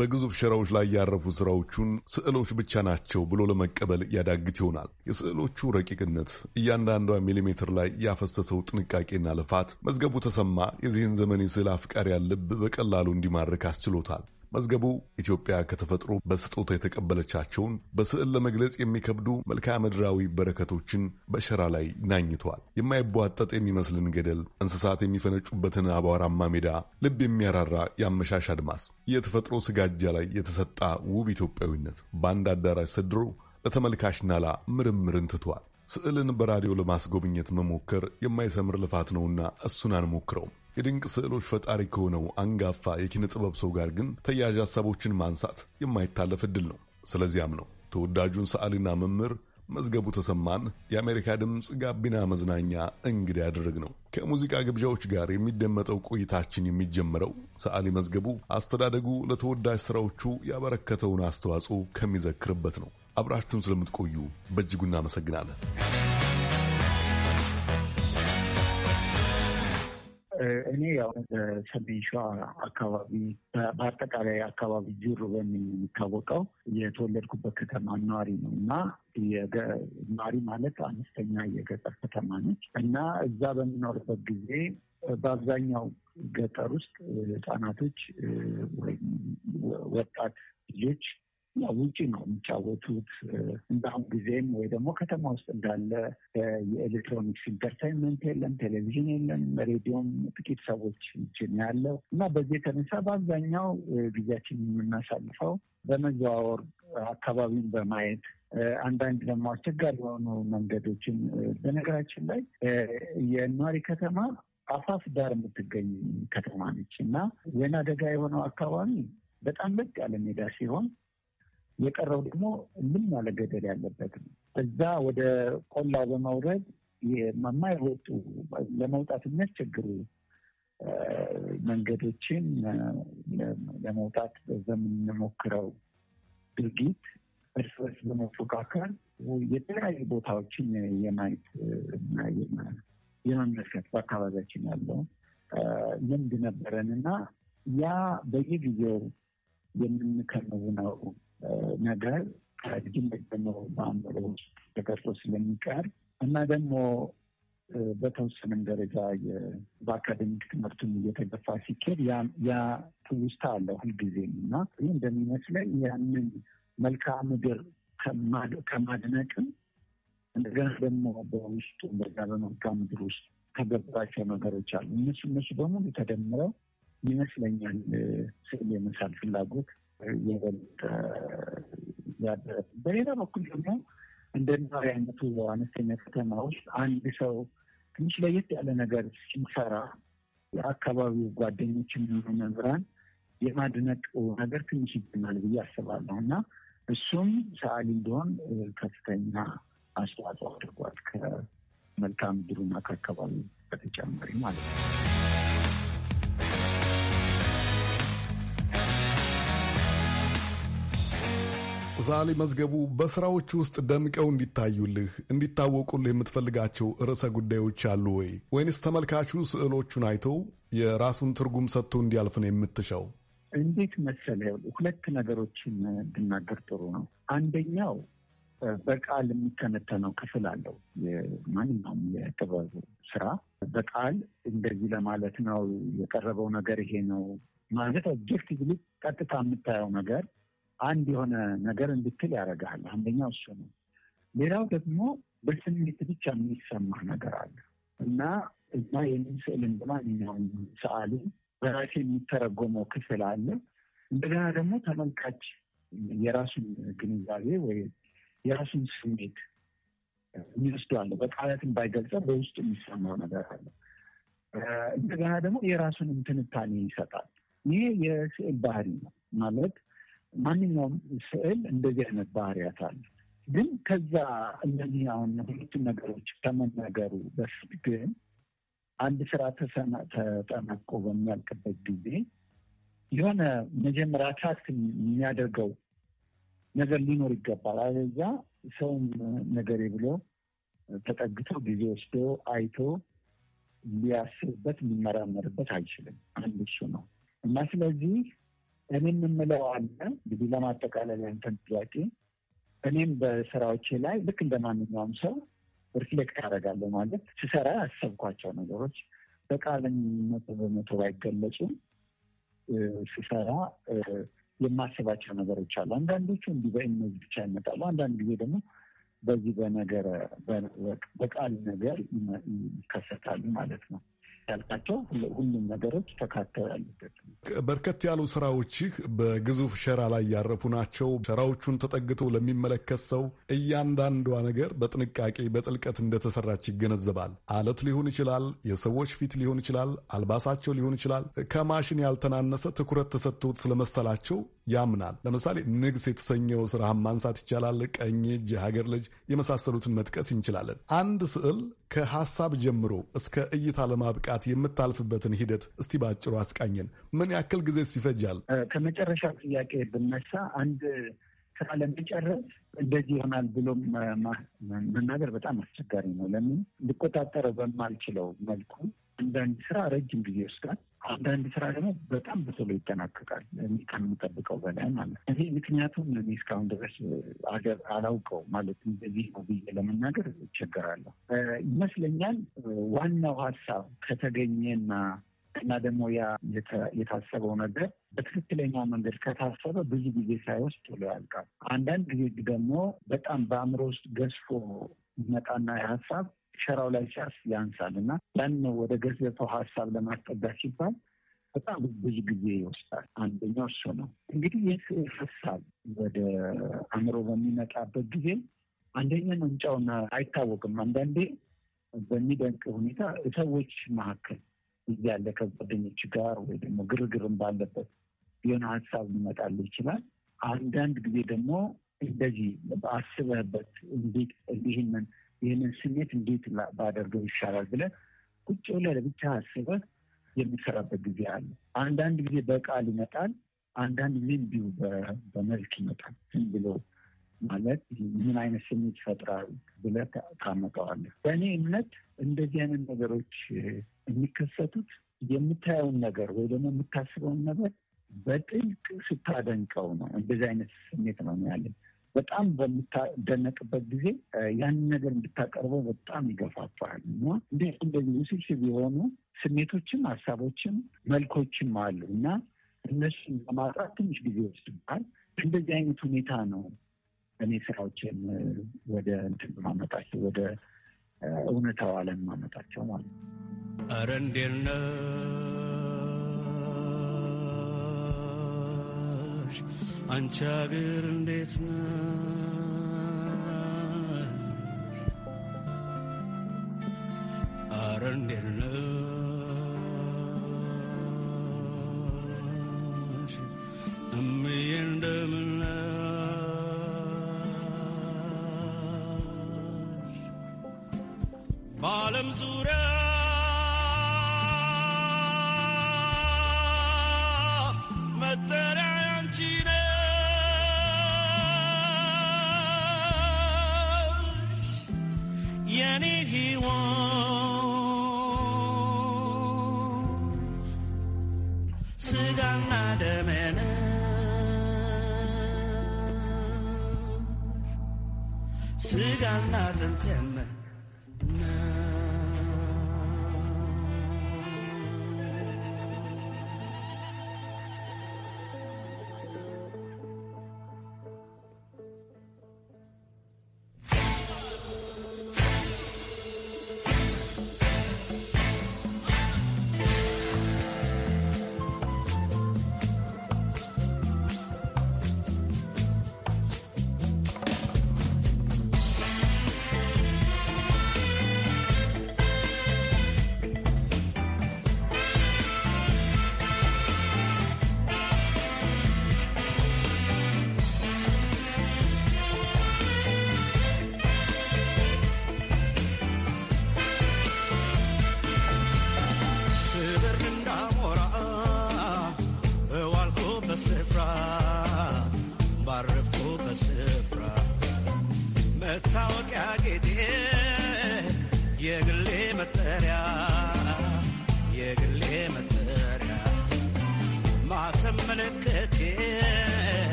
በግዙፍ ሸራዎች ላይ ያረፉ ስራዎቹን ስዕሎች ብቻ ናቸው ብሎ ለመቀበል ያዳግት ይሆናል። የስዕሎቹ ረቂቅነት፣ እያንዳንዷ ሚሊሜትር ላይ ያፈሰሰው ጥንቃቄና ልፋት መዝገቡ ተሰማ የዚህን ዘመን የስዕል አፍቃሪያን ልብ በቀላሉ እንዲማርክ አስችሎታል። መዝገቡ ኢትዮጵያ ከተፈጥሮ በስጦታ የተቀበለቻቸውን በስዕል ለመግለጽ የሚከብዱ መልክዓ ምድራዊ በረከቶችን በሸራ ላይ ናኝቷል። የማይቧጠጥ የሚመስልን ገደል፣ እንስሳት የሚፈነጩበትን አቧራማ ሜዳ፣ ልብ የሚያራራ የአመሻሽ አድማስ፣ የተፈጥሮ ስጋጃ ላይ የተሰጣ ውብ ኢትዮጵያዊነት በአንድ አዳራሽ ሰድሮ ለተመልካች ናላ ምርምርን ትቷል። ስዕልን በራዲዮ ለማስጎብኘት መሞከር የማይሰምር ልፋት ነውና እሱን አንሞክረውም። የድንቅ ስዕሎች ፈጣሪ ከሆነው አንጋፋ የኪነ ጥበብ ሰው ጋር ግን ተያያዥ ሀሳቦችን ማንሳት የማይታለፍ እድል ነው። ስለዚያም ነው ተወዳጁን ሰዓሊና መምህር መዝገቡ ተሰማን የአሜሪካ ድምፅ ጋቢና መዝናኛ እንግዳ ያደረግ ነው። ከሙዚቃ ግብዣዎች ጋር የሚደመጠው ቆይታችን የሚጀምረው ሰዓሊ መዝገቡ አስተዳደጉ ለተወዳጅ ስራዎቹ ያበረከተውን አስተዋጽኦ ከሚዘክርበት ነው። አብራችሁን ስለምትቆዩ በእጅጉ እናመሰግናለን። እኔ ያው በሰሜን ሸዋ አካባቢ በአጠቃላይ አካባቢ ጅሩ በሚል የሚታወቀው የተወለድኩበት ከተማ ነዋሪ ነው እና ነዋሪ ማለት አነስተኛ የገጠር ከተማ ነች እና እዛ በምኖርበት ጊዜ በአብዛኛው ገጠር ውስጥ ህጻናቶች ወይም ወጣት ልጆች ውጭ ነው የሚጫወቱት። እንደአሁን ጊዜም ወይ ደግሞ ከተማ ውስጥ እንዳለ የኤሌክትሮኒክስ ኢንተርታይንመንት የለም፣ ቴሌቪዥን የለም፣ ሬዲዮም ጥቂት ሰዎች ይችን ያለው እና በዚህ የተነሳ በአብዛኛው ጊዜያችን የምናሳልፈው በመዘዋወር አካባቢን በማየት አንዳንድ ደግሞ አስቸጋሪ የሆኑ መንገዶችን በነገራችን ላይ የኗሪ ከተማ አፋፍ ዳር የምትገኝ ከተማ ነች እና ወይና አደጋ የሆነው አካባቢ በጣም ለቅ ያለ ሜዳ ሲሆን የቀረው ደግሞ ምን ያለ ገደል ያለበት ነው። እዛ ወደ ቆላው በመውረድ የማይወጡ ለመውጣት የሚያስቸግሩ መንገዶችን ለመውጣት በዛ የምንሞክረው ድርጊት እርስ በርስ በመፎካከር የተለያዩ ቦታዎችን የማየት እና የመመልከት በአካባቢያችን ያለው ልምድ ነበረን እና ያ በየጊዜው የምንከውነው ነገር ከድንገት ደግሞ በአእምሮ ውስጥ ተቀርጾ ስለሚቀር እና ደግሞ በተወሰነም ደረጃ በአካደሚክ ትምህርቱም እየተገፋ ሲኬድ ያ ትውስታ አለው ሁልጊዜም እና ይህ እንደሚመስለኝ ያንን መልክዓ ምድር ከማድነቅም እንደገና ደግሞ በውስጡ በዛ በመልክዓ ምድር ውስጥ ከገባቸው ነገሮች አሉ። እነሱ እነሱ በሙሉ ተደምረው ይመስለኛል ስዕል የመሳል ፍላጎት ይበልጥ በሌላ በኩል ደግሞ እንደዛ አይነቱ አነስተኛ ከተማ ውስጥ አንድ ሰው ትንሽ ለየት ያለ ነገር ሲሰራ የአካባቢው የሚሆኑ መምህራን የማድነቅ ነገር ትንሽ ይገናል ብዬ አስባለሁ እና እሱም ሰዓሊ እንደሆን ከፍተኛ አስተዋጽኦ አድርጓል። ከመልካም ድሩና ከአካባቢ በተጨማሪ ማለት ነው። ዛሌ መዝገቡ በስራዎች ውስጥ ደምቀው እንዲታዩልህ እንዲታወቁልህ የምትፈልጋቸው ርዕሰ ጉዳዮች አሉ ወይ? ወይንስ ተመልካቹ ስዕሎቹን አይቶ የራሱን ትርጉም ሰጥቶ እንዲያልፍ ነው የምትሻው? እንዴት መሰለ፣ ሁለት ነገሮችን ብናገር ጥሩ ነው። አንደኛው በቃል የሚተነተነው ክፍል አለው። ማንኛውም የጥበብ ስራ በቃል እንደዚህ ለማለት ነው የቀረበው ነገር ይሄ ነው ማለት ኦብጀክቲቭ፣ ቀጥታ የምታየው ነገር አንድ የሆነ ነገር እንድትል ያደርግሃል። አንደኛው እሱ ነው። ሌላው ደግሞ በስሜት ብቻ የሚሰማ ነገር አለ እና እና ይህንን ስዕል እንደማንኛውም ሰዓሊ በራሴ የሚተረጎመው ክፍል አለ። እንደገና ደግሞ ተመልካች የራሱን ግንዛቤ ወይ የራሱን ስሜት የሚወስዱ አለ። በቃላትን ባይገልጸ በውስጡ የሚሰማው ነገር አለ። እንደገና ደግሞ የራሱንም ትንታኔ ይሰጣል። ይሄ የስዕል ባህሪ ነው ማለት ማንኛውም ስዕል እንደዚህ አይነት ባህሪያት አለ። ግን ከዛ እነዚህ አሁን ሁለቱም ነገሮች ከመናገሩ በፊት ግን አንድ ስራ ተጠናቆ በሚያልቅበት ጊዜ የሆነ መጀመሪያ ታክት የሚያደርገው ነገር ሊኖር ይገባል። አለዛ ሰውም ነገሬ ብሎ ተጠግቶ ጊዜ ወስዶ አይቶ ሊያስብበት ሊመራመርበት አይችልም። አንድ እሱ ነው እና ስለዚህ እኔ የምምለው አለ እንግዲህ ለማጠቃለል ያንተን ጥያቄ እኔም በስራዎቼ ላይ ልክ እንደ ማንኛውም ሰው ሪፍሌክት አደርጋለሁ። ማለት ስሰራ ያሰብኳቸው ነገሮች በቃልም መቶ በመቶ ባይገለጹም ስሰራ የማስባቸው ነገሮች አሉ። አንዳንዶቹ እንዲህ በእነዚህ ብቻ ይመጣሉ። አንዳንድ ጊዜ ደግሞ በዚህ በነገር በቃል ነገር ይከሰታሉ ማለት ነው። ያልካቸው ሁሉም ነገሮች ተካተው ያሉበት። በርከት ያሉ ስራዎችህ በግዙፍ ሸራ ላይ ያረፉ ናቸው። ሸራዎቹን ተጠግቶ ለሚመለከት ሰው እያንዳንዷ ነገር በጥንቃቄ በጥልቀት እንደተሰራች ይገነዘባል። አለት ሊሆን ይችላል፣ የሰዎች ፊት ሊሆን ይችላል፣ አልባሳቸው ሊሆን ይችላል። ከማሽን ያልተናነሰ ትኩረት ተሰጥቶት ስለመሰላቸው ያምናል። ለምሳሌ ንግስ የተሰኘው ስራህን ማንሳት ይቻላል። ቀኝ እጅ፣ ሀገር ልጅ የመሳሰሉትን መጥቀስ እንችላለን። አንድ ስዕል ከሐሳብ ጀምሮ እስከ እይታ ለማብቃት የምታልፍበትን ሂደት እስቲ ባጭሩ አስቃኝን። ምን ያክል ጊዜስ ይፈጃል? ከመጨረሻ ጥያቄ ብነሳ አንድ ስራ ለመጨረስ እንደዚህ ይሆናል ብሎ መናገር በጣም አስቸጋሪ ነው። ለምን ልቆጣጠረው በማልችለው መልኩ አንዳንድ ስራ ረጅም ጊዜ ይወስዳል። አንዳንድ ስራ ደግሞ በጣም በቶሎ ይጠናቀቃል ከምንጠብቀው በላይ ማለት ነው። እዚህ ምክንያቱም እኔ እስካሁን ድረስ አገር አላውቀው ማለት እንደዚህ ነው ብዬ ለመናገር እቸገራለሁ። ይመስለኛል ዋናው ሀሳብ ከተገኘና እና ደግሞ ያ የታሰበው ነገር በትክክለኛ መንገድ ከታሰበ ብዙ ጊዜ ሳይወስድ ቶሎ ያልቃል። አንዳንድ ጊዜ ደግሞ በጣም በአእምሮ ውስጥ ገዝፎ ይመጣና ሀሳብ ሸራው ላይ ሲያርስ ያንሳል እና ያን ወደ ገዘተው ሀሳብ ለማስጠጋት ሲባል በጣም ብዙ ጊዜ ይወስዳል። አንደኛው እሱ ነው። እንግዲህ ይህ ሀሳብ ወደ አእምሮ በሚመጣበት ጊዜ አንደኛ ምንጫውን አይታወቅም። አንዳንዴ በሚደንቅ ሁኔታ ሰዎች መካከል እያለ ከጓደኞች ጋር ወይ ደግሞ ግርግርም ባለበት የሆነ ሀሳብ ሊመጣል ይችላል። አንዳንድ ጊዜ ደግሞ እንደዚህ በአስበህበት እንዴት እንዲህንን ይህንን ስሜት እንዴት ባደርገው ይሻላል ብለ ቁጭ ብለህ ለብቻ አስበ የምትሰራበት ጊዜ አለ። አንዳንድ ጊዜ በቃል ይመጣል፣ አንዳንድ ጊዜ እንዲሁ በመልክ ይመጣል። ዝም ብሎ ማለት ምን አይነት ስሜት ይፈጥራል ብለ ታመጣዋለህ። በእኔ እምነት እንደዚህ አይነት ነገሮች የሚከሰቱት የምታየውን ነገር ወይ ደግሞ የምታስበውን ነገር በጥልቅ ስታደንቀው ነው። እንደዚህ አይነት ስሜት ነው ያለን በጣም በምታደነቅበት ጊዜ ያንን ነገር እንድታቀርበው በጣም ይገፋፋል እና እንደ እንደዚህ ውስብስብ የሆኑ ስሜቶችም ሀሳቦችም መልኮችም አሉ እና እነሱን ለማጥራት ትንሽ ጊዜ ወስድባል። እንደዚህ አይነት ሁኔታ ነው እኔ ስራዎችን ወደ እንትን ማመጣቸው ወደ እውነታው ዓለም ማመጣቸው ማለት ነው። ኧረ እንዴት ነው ነሽ አንቺ አገር እንዴት ነሽ? አረ እንዴት ነሽ? የኔ ሕይወት ስጋና ደሜን ስጋና አጥንቴን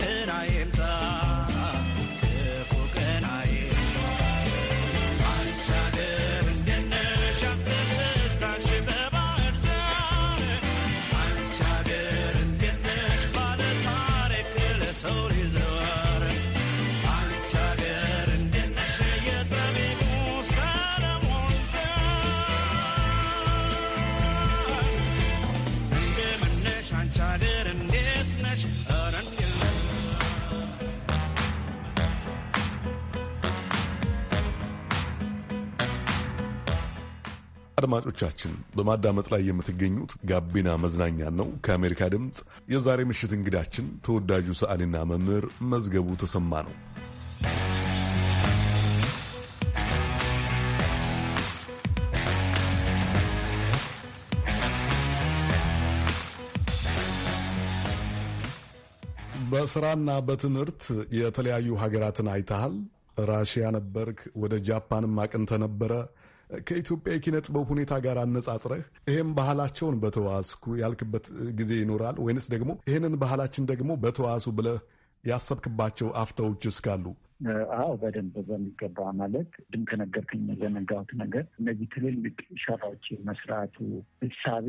And I am አድማጮቻችን በማዳመጥ ላይ የምትገኙት ጋቢና መዝናኛ ነው ከአሜሪካ ድምፅ። የዛሬ ምሽት እንግዳችን ተወዳጁ ሰዓሊና መምህር መዝገቡ ተሰማ ነው። በስራና በትምህርት የተለያዩ ሀገራትን አይተሃል። ራሽያ ነበርክ፣ ወደ ጃፓንም አቅንተ ነበረ። ከኢትዮጵያ የኪነ ጥበብ ሁኔታ ጋር አነጻጽረህ ይህም ባህላቸውን በተዋስኩ ያልክበት ጊዜ ይኖራል ወይንስ ደግሞ ይህንን ባህላችን ደግሞ በተዋሱ ብለህ ያሰብክባቸው አፍታዎች እስካሉ? አዎ በደንብ በሚገባ ማለት ድም ከነገርክኝ የዘነጋሁት ነገር እነዚህ ትልልቅ ሸራዎች መስራቱ እሳቤ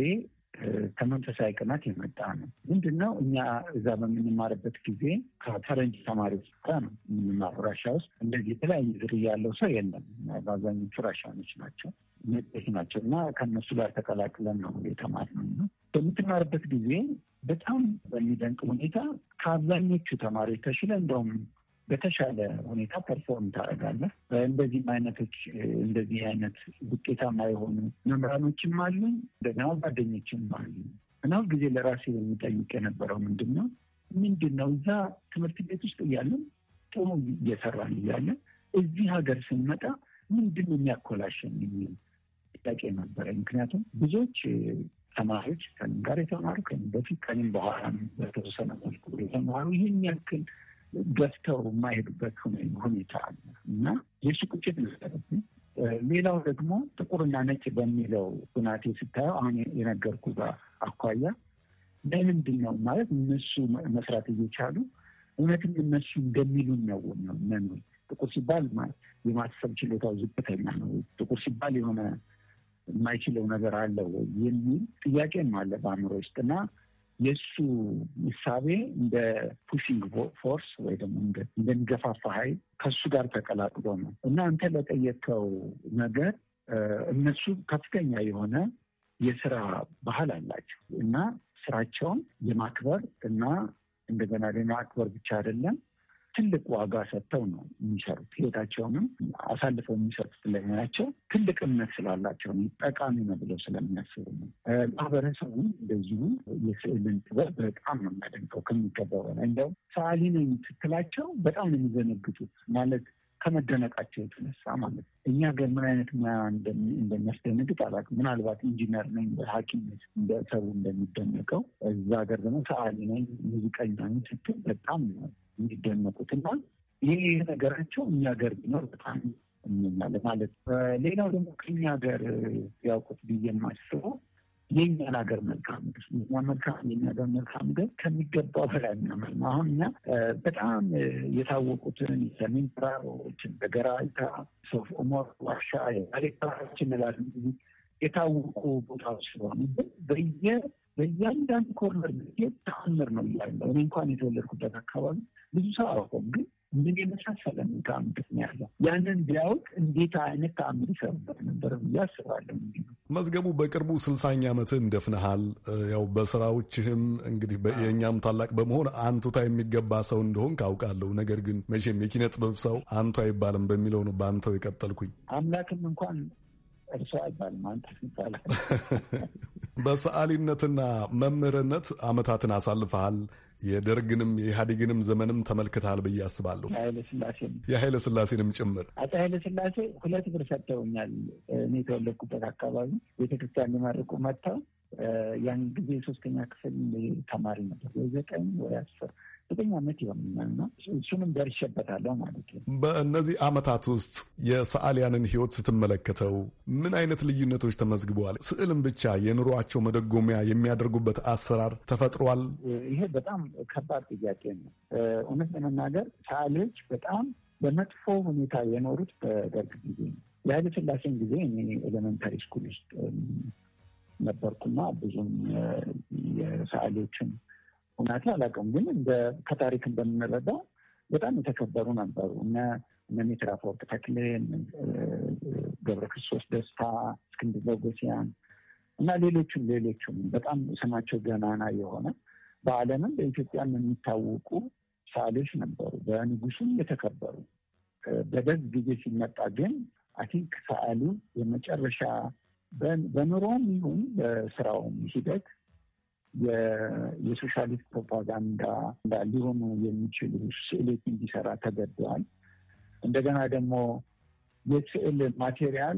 ከመንፈሳዊ ቅናት የመጣ ነው። ምንድን ነው? እኛ እዛ በምንማርበት ጊዜ ከፈረንጅ ተማሪዎች ጋር ነው የምንማሩ። ራሻ ውስጥ እንደዚህ የተለያዩ ዝርያ ያለው ሰው የለም። በአብዛኞቹ ራሻኖች ናቸው፣ ነጮች ናቸው እና ከእነሱ ጋር ተቀላቅለን ነው የተማርነው ነው በምትማርበት ጊዜ በጣም በሚደንቅ ሁኔታ ከአብዛኞቹ ተማሪዎች ተሽለ እንደውም በተሻለ ሁኔታ ፐርፎርም ታደርጋለህ። እንደዚህም አይነቶች እንደዚህ አይነት ውጤታማ የሆኑ መምህራኖችም አሉ፣ እንደገና ጓደኞችም አሉ እና ጊዜ ለራሴ የሚጠይቅ የነበረው ምንድን ነው ምንድን ነው እዛ ትምህርት ቤት ውስጥ እያለን ጥሩ እየሰራን እያለን እዚህ ሀገር ስንመጣ ምንድን ነው የሚያኮላሸን የሚል ጥያቄ ነበረ። ምክንያቱም ብዙዎች ተማሪዎች ከእኔም ጋር የተማሩ ከእኔም በፊት ከእኔም በኋላ በተወሰነ መልኩ የተማሩ ይህን ያክል ገፍተው የማይሄዱበት ሁኔታ አለ እና የሱ ቁጭት ሌላው ደግሞ ጥቁርና ነጭ በሚለው ሁናቴ ስታየው አሁን የነገርኩ አኳያ ለምንድን ነው ማለት እነሱ መስራት እየቻሉ እውነትም እነሱ እንደሚሉን ነው መኖር ጥቁር ሲባል የማሰብ ችሎታው ዝቅተኛ ነው፣ ጥቁር ሲባል የሆነ የማይችለው ነገር አለው የሚል ጥያቄም አለ በአእምሮ ውስጥ እና የእሱ ምሳቤ እንደ ፑሽንግ ፎርስ ወይ ደግሞ እንደሚገፋፋ ኃይል ከሱ ጋር ተቀላቅሎ ነው እና አንተ ለጠየቀው ነገር እነሱ ከፍተኛ የሆነ የስራ ባህል አላቸው እና ስራቸውን የማክበር እና እንደገና ደግሞ አክበር ብቻ አይደለም ትልቅ ዋጋ ሰጥተው ነው የሚሰሩት። ህይወታቸውንም አሳልፈው የሚሰጡት ስለመሆናቸው ትልቅ እምነት ስላላቸው ነው፣ ጠቃሚ ነው ብለው ስለሚያስቡ ነው። ማህበረሰቡ እንደዚሁ የስዕልን ጥበብ በጣም ነው የሚያደንቀው ከሚገባው በላይ። እንደው ሰዓሊ ነኝ ስትላቸው በጣም ነው የሚዘነግጡት ማለት ከመደነቃቸው የተነሳ ማለት ነው። እኛ ገር ምን አይነት ሙያ እንደሚያስደነግጥ አላውቅም። ምናልባት ኢንጂነር ነኝ በሐኪምነት ሰው እንደሚደነቀው እዛ ሀገር ደግሞ ሰዓሊ ነኝ ሙዚቀኛ ነኝ ስትል በጣም እና ይህ ነገራቸው እኛ ገር ቢኖር በጣም ማለት ሌላው ደግሞ ከኛ ሀገር ያውቁት ብዬ የማስበው የእኛን ሀገር መልካም ምድር መልካም የኛ ሀገር መልካም ምድር ከሚገባው በላይ የሚያምር ነው። አሁን እኛ በጣም የታወቁትን የሰሜን ተራሮችን በገራይታ ሶፍ ኦሞር ዋሻ የባሌ ተራሮች እንላለን የታወቁ ቦታዎች ስለሆኑ በየ በእያንዳንድ ኮርነር ተአምር ነው እያለው እኔ እንኳን የተወለድኩበት አካባቢ ብዙ ሰው አውቆም ግን ምን የመሳሰለ ተአምር ያለው ያንን ቢያውቅ እንዴት አይነት ተአምር ይሰሩበት ነበር ብዬ አስባለሁ። መዝገቡ በቅርቡ ስልሳኛ ዓመትህን ደፍነሃል። ያው በስራዎችህም እንግዲህ የእኛም ታላቅ በመሆን አንቱታ የሚገባ ሰው እንደሆን ካውቃለሁ። ነገር ግን መቼም የኪነ ጥበብ ሰው አንቱ አይባልም በሚለው ነው በአንተው የቀጠልኩኝ። አምላክም እንኳን እሱ ይባላል። በሰዓሊነትና መምህርነት አመታትን አሳልፈሃል። የደርግንም የኢህአዴግንም ዘመንም ተመልክተሃል ብዬ አስባለሁ። የኃይለ ስላሴንም ጭምር አፄ ስላሴ ሁለት ብር ሰጥተውኛል። እኔ የተወለድኩበት አካባቢ ቤተክርስቲያን ሊመርቁ መጥተው ያን ጊዜ ሶስተኛ ክፍል ተማሪ ነበር ወይ ዘጠኝ ወይ አስር ዘጠኝ ዓመት ይሆናል እና እሱንም ደርሼበታለሁ ማለት ነው። በእነዚህ ዓመታት ውስጥ የሰዓሊያንን ህይወት ስትመለከተው ምን አይነት ልዩነቶች ተመዝግበዋል? ስዕልም ብቻ የኑሯቸው መደጎሚያ የሚያደርጉበት አሰራር ተፈጥሯል? ይሄ በጣም ከባድ ጥያቄ ነው። እውነት ለመናገር ሰዓሊዎች በጣም በመጥፎ ሁኔታ የኖሩት በደርግ ጊዜ ነው። የኃይለ ስላሴን ጊዜ እኔ ኤሌመንታሪ ስኩል ውስጥ ነበርኩና ብዙም የሰዓሊዎችን እውነት አላውቅም፣ ግን ከታሪክ እንደምንረዳው በጣም የተከበሩ ነበሩ እነ እነ ሚትራፈወርቅ ተክሌ፣ ገብረ ክርስቶስ ደስታ፣ እስክንድር ቦጎሲያን እና ሌሎቹም ሌሎቹም በጣም ስማቸው ገናና የሆነ በዓለምም በኢትዮጵያም የሚታወቁ ሳሌዎች ነበሩ። በንጉሱም የተከበሩ በደርግ ጊዜ ሲመጣ ግን አይ ቲንክ ሰዓሊ የመጨረሻ በኑሮም ይሁን በስራውም ሂደት የሶሻሊስት ፕሮፓጋንዳ ሊሆኑ የሚችሉ ስዕሎች እንዲሰራ ተገደዋል። እንደገና ደግሞ የስዕል ማቴሪያል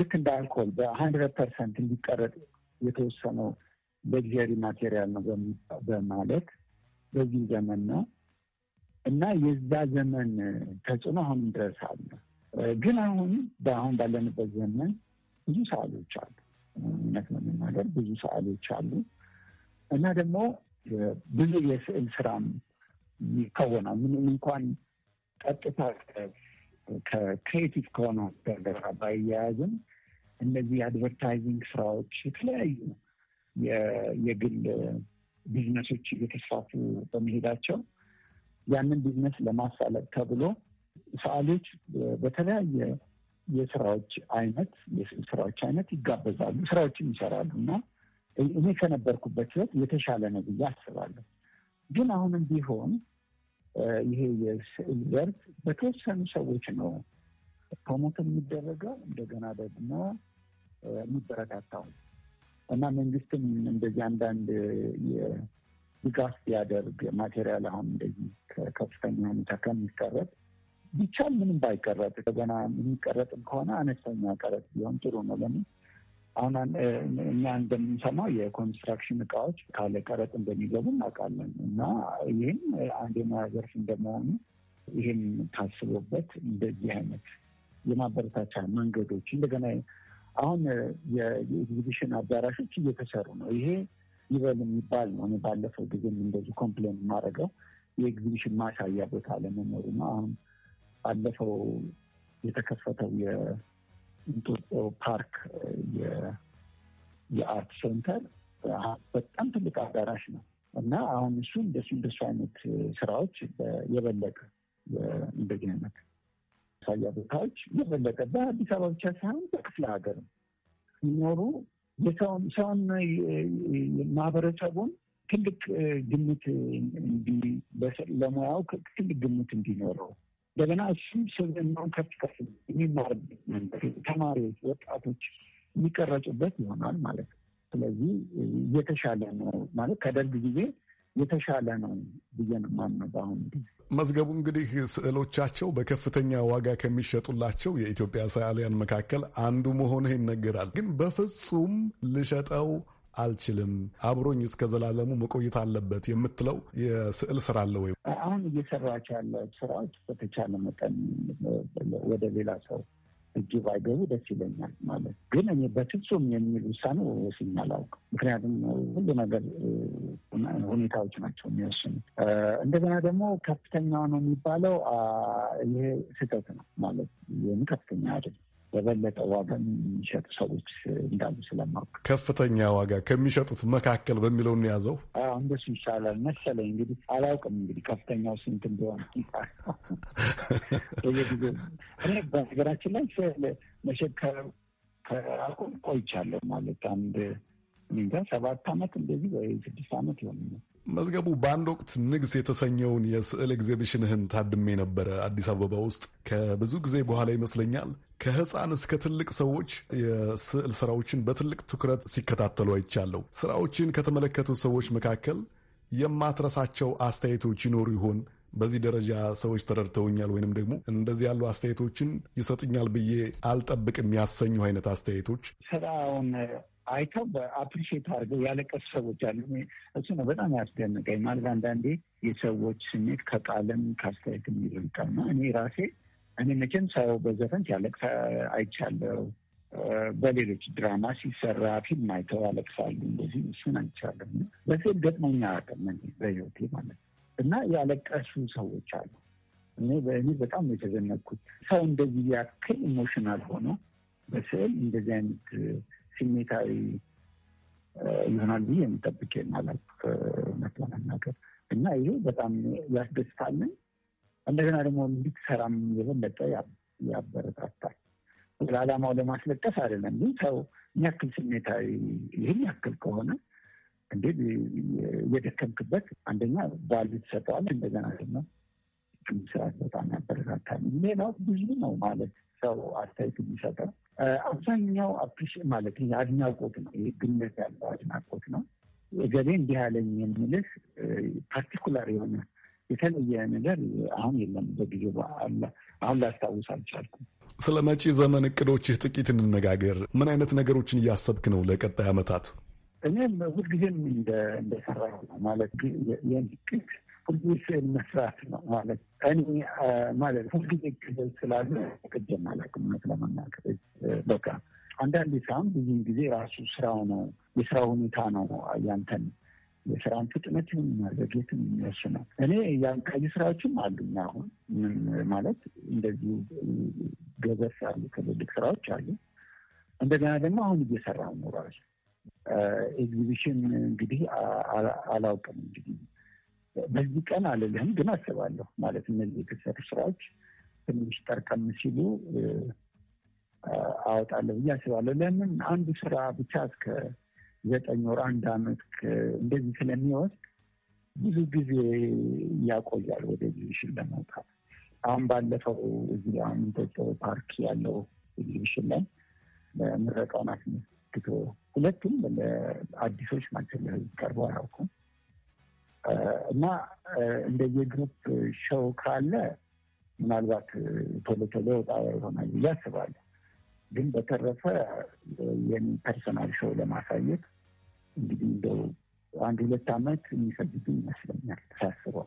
ልክ እንደ አልኮል በሀንድረድ ፐርሰንት እንዲቀረጥ የተወሰነው ለግዘሪ ማቴሪያል ነው በማለት በዚህ ዘመን ነው እና የዛ ዘመን ተጽዕኖ አሁንም ድረስ አለ። ግን አሁን በአሁን ባለንበት ዘመን ብዙ ሰዓሎች አሉ። እውነት ለመናገር ብዙ ሰዓሎች አሉ። እና ደግሞ ብዙ የስዕል ስራም ይከወናል። ምንም እንኳን ቀጥታ ከክሬቲቭ ከሆነ ባያያዝም እነዚህ የአድቨርታይዚንግ ስራዎች የተለያዩ የግል ቢዝነሶች እየተስፋፉ በመሄዳቸው ያንን ቢዝነስ ለማሳለጥ ተብሎ ሰዓሊዎች በተለያየ የስራዎች አይነት ስራዎች አይነት ይጋበዛሉ፣ ስራዎችን ይሰራሉ እና እኔ ከነበርኩበት ህይወት የተሻለ ነው ብዬ አስባለሁ። ግን አሁንም ቢሆን ይሄ የስዕል ዘርፍ በተወሰኑ ሰዎች ነው ፕሮሞት የሚደረገው እንደገና ደግሞ የሚበረታታው እና መንግስትም እንደዚህ አንዳንድ ድጋፍ ቢያደርግ ማቴሪያል አሁን እንደዚህ ከከፍተኛ ሁኔታ ከሚቀረጥ ቢቻል ምንም ባይቀረጥ እንደገና የሚቀረጥም ከሆነ አነስተኛ ቀረጥ ቢሆን ጥሩ ነው ለምን አሁን እኛ እንደምንሰማው የኮንስትራክሽን እቃዎች ካለ ቀረጥ እንደሚገቡ እናውቃለን እና ይህም አንድ የሙያ ዘርፍ እንደመሆኑ ይህም ታስቦበት እንደዚህ አይነት የማበረታቻ መንገዶች እንደገና አሁን የኤግዚቢሽን አዳራሾች እየተሰሩ ነው። ይሄ ይበል የሚባል ነው። ባለፈው ጊዜም እንደዚህ ኮምፕሌን የማደርገው የኤግዚቢሽን ማሳያ ቦታ ለመኖሩ ነው። አሁን ባለፈው የተከፈተው እንጦጦ ፓርክ የአርት ሴንተር በጣም ትልቅ አዳራሽ ነው እና አሁን እሱ እንደሱ እንደሱ አይነት ስራዎች የበለጠ እንደዚህ አይነት ሳያ ቦታዎች የበለጠ በአዲስ አበባ ብቻ ሳይሆን በክፍለ ሀገር ሲኖሩ ሰውን ማህበረሰቡን ትልቅ ግምት ለሙያው ትልቅ ግምት እንዲኖረው እንደገና እሱም ስብዕናውን ከፍ ከፍ የሚማርበት መንገድ ተማሪዎች፣ ወጣቶች የሚቀረጹበት ይሆናል ማለት ነው። ስለዚህ የተሻለ ነው ማለት ከደርግ ጊዜ የተሻለ ነው ብዬ ነው የማምነው። በአሁኑ ጊዜ መዝገቡ እንግዲህ ስዕሎቻቸው በከፍተኛ ዋጋ ከሚሸጡላቸው የኢትዮጵያ ሰዓሊያን መካከል አንዱ መሆንህ ይነገራል። ግን በፍጹም ልሸጠው አልችልም፣ አብሮኝ እስከ ዘላለሙ መቆየት አለበት የምትለው የስዕል ስራ አለ ወይ? አሁን እየሰራች ያለ ስራዎች በተቻለ መጠን ወደ ሌላ ሰው እጅ ባይገቡ ደስ ይለኛል። ማለት ግን እኔ በፍጹም የሚል ውሳኔ ወስኜ አላውቅም። ምክንያቱም ሁሉ ነገር ሁኔታዎች ናቸው የሚወስኑት። እንደገና ደግሞ ከፍተኛ ነው የሚባለው ይሄ ስህተት ነው ማለት ይህም ከፍተኛ አይደለም። የበለጠ ዋጋ የሚሸጡ ሰዎች እንዳሉ ስለማውቅ ከፍተኛ ዋጋ ከሚሸጡት መካከል በሚለው እንያዘው። እንደሱ ይሻላል መሰለኝ። እንግዲህ አላውቅም፣ እንግዲህ ከፍተኛው ስንት እንደሆነ እኔ በነገራችን ላይ ስዕል መሸጥ ከአቁም ቆይቻለሁ ማለት አንድ ሰባት አመት እንደዚህ ወይ ስድስት አመት ይሆናል መዝገቡ በአንድ ወቅት ንግስ የተሰኘውን የስዕል ኤግዚቢሽንህን ታድሜ ነበረ አዲስ አበባ ውስጥ ከብዙ ጊዜ በኋላ ይመስለኛል። ከህፃን እስከ ትልቅ ሰዎች የስዕል ስራዎችን በትልቅ ትኩረት ሲከታተሉ አይቻለሁ። ስራዎችን ከተመለከቱ ሰዎች መካከል የማትረሳቸው አስተያየቶች ይኖሩ ይሆን? በዚህ ደረጃ ሰዎች ተረድተውኛል ወይንም ደግሞ እንደዚህ ያሉ አስተያየቶችን ይሰጡኛል ብዬ አልጠብቅም ያሰኙ አይነት አስተያየቶች ስራውን አይተው በአፕሪሼት አድርገው ያለቀሱ ሰዎች አሉ። እሱ ነው በጣም ያስደንቀኝ። ማለት አንዳንዴ የሰዎች ስሜት ከቃለም ከአስተያየት የሚበልጣል እና እኔ ራሴ እኔ መቼም ሰው በዘፈን ሲያለቅስ አይቻለው። በሌሎች ድራማ ሲሰራ ፊልም አይተው ያለቅሳሉ። እንደዚህ እሱን አይቻለም። በፊልም ገጥሞኛ አቅም በህይወቴ ማለት እና ያለቀሱ ሰዎች አሉ። እኔ በእኔ በጣም የተዘነኩት ሰው እንደዚህ ያክል ኢሞሽናል ሆኖ በስዕል እንደዚህ አይነት ስሜታዊ ይሆናል ብዬ የሚጠብቅ ማለት እውነት ለመናገር እና ይሄ በጣም ያስደስታልን። እንደገና ደግሞ እንዲሰራም የበለጠ ያበረታታል። ወደ ዓላማው ለማስለጠፍ አይደለም ግን ሰው የሚያክል ስሜታዊ ይህን ያክል ከሆነ እንዴት እየደከምክበት አንደኛ ባሉ ትሰጠዋል። እንደገና ደግሞ ስራት በጣም ያበረታታል። ሌላው ብዙ ነው ማለት ሰው አስተያየት የሚሰጠው አብዛኛው አፕሪሽ ማለት አድናቆት ነው። ይህ ግነት ያለው አድናቆት ነው። እገሌ እንዲህ ያለኝ የምልህ ፓርቲኩላር የሆነ የተለየ ነገር አሁን የለም። በጊዜ አለ አሁን ላስታውስ አልቻልኩም። ስለ መጪ ዘመን እቅዶችህ ጥቂት እንነጋገር። ምን አይነት ነገሮችን እያሰብክ ነው ለቀጣይ ዓመታት? እኔም ሁልጊዜም እንደሰራ ማለት የእቅድ ብዙ ስዕል መስራት ነው ማለት እኔ ማለት ሁልጊዜ ክልል ስላለ ቅድም አላቅምነት ለመናገር በቃ አንዳንድ ሳም ብዙን ጊዜ ራሱ ስራው ነው የስራ ሁኔታ ነው ያንተን የስራን ፍጥነት የሚወስ ነው። እኔ የአንቃይ ስራዎችም አሉኝ አሁን ማለት እንደዚሁ ገዘፍ ያሉ ትልልቅ ስራዎች አሉ። እንደገና ደግሞ አሁን እየሰራ ነው ራሱ ኤግዚቢሽን እንግዲህ አላውቅም እንግዲህ በዚህ ቀን አልልህም፣ ግን አስባለሁ ማለት እነዚህ የተሰሩ ስራዎች ትንሽ ጠርቀም ሲሉ አወጣለሁ ብዬ አስባለሁ። ለምን አንዱ ስራ ብቻ እስከ ዘጠኝ ወር አንድ አመት እንደዚህ ስለሚወስድ ብዙ ጊዜ ያቆያል ወደ ኤግዚቢሽን ለመውጣት። አሁን ባለፈው እዚህ አሁን እንጦጦ ፓርክ ያለው ኤግዚቢሽን ላይ ምረቃውን አስመልክቶ ሁለቱም ለአዲሶች ናቸው ለህዝብ ቀርቦ አያውቁም እና እንደየ ግሩፕ ሸው ካለ ምናልባት ቶሎ ቶሎ ወጣ ይሆናል ብዬ አስባለሁ። ግን በተረፈ የኔ ፐርሰናል ሾው ለማሳየት እንግዲህ እንደው አንድ ሁለት ዓመት የሚፈልጉ ይመስለኛል ሳስበው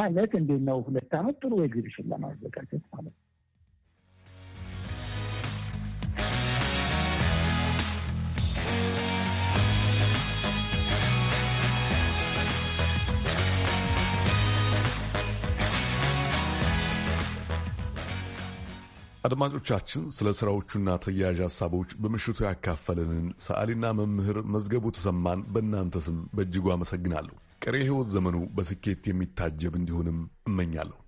ማለት እንዴት ነው ሁለት ዓመት ጥሩ ኤግዚቢሽን ለማዘጋጀት ማለት ነው። አድማጮቻችን ስለ ስራዎቹና ተያያዥ ሀሳቦች በምሽቱ ያካፈለንን ሰዓሊና መምህር መዝገቡ ተሰማን በእናንተ ስም በእጅጉ አመሰግናለሁ። ቀሪ የህይወት ዘመኑ በስኬት የሚታጀብ እንዲሆንም እመኛለሁ።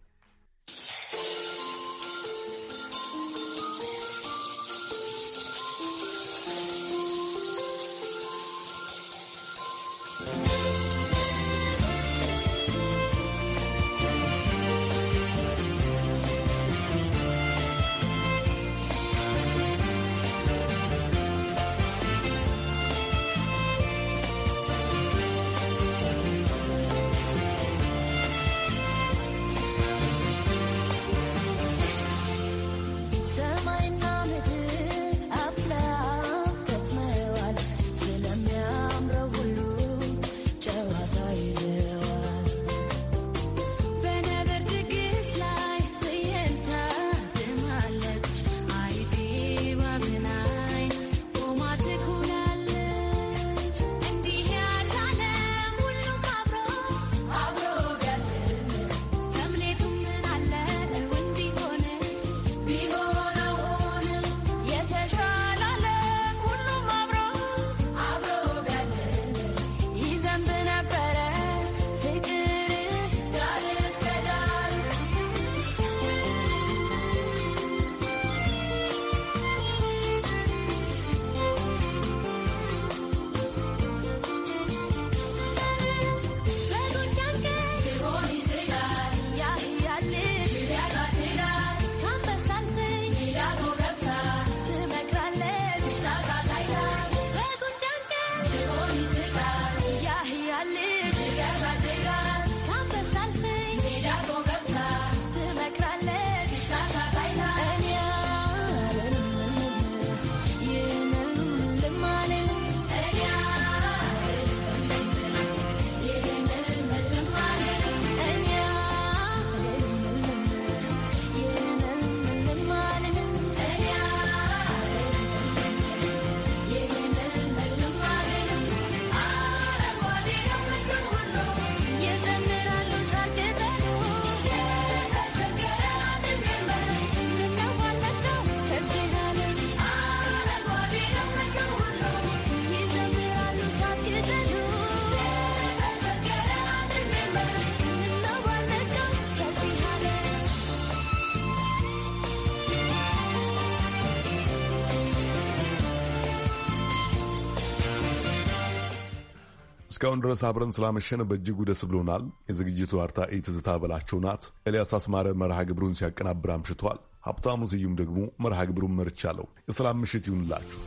እስካሁን ድረስ አብረን ስላመሸን በእጅጉ ደስ ብሎናል። የዝግጅቱ አርታኢ ትዝታ በላቸው ናት። ኤልያስ አስማረ መርሃ ግብሩን ሲያቀናብር አምሽቷል። ሀብታሙ ስዩም ደግሞ መርሃ ግብሩን መርቻለሁ። የሰላም ምሽት ይሁንላችሁ።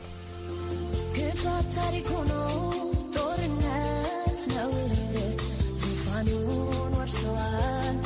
ታሪክ ጦርነት ነው ዙፋኑን ወርሰዋል።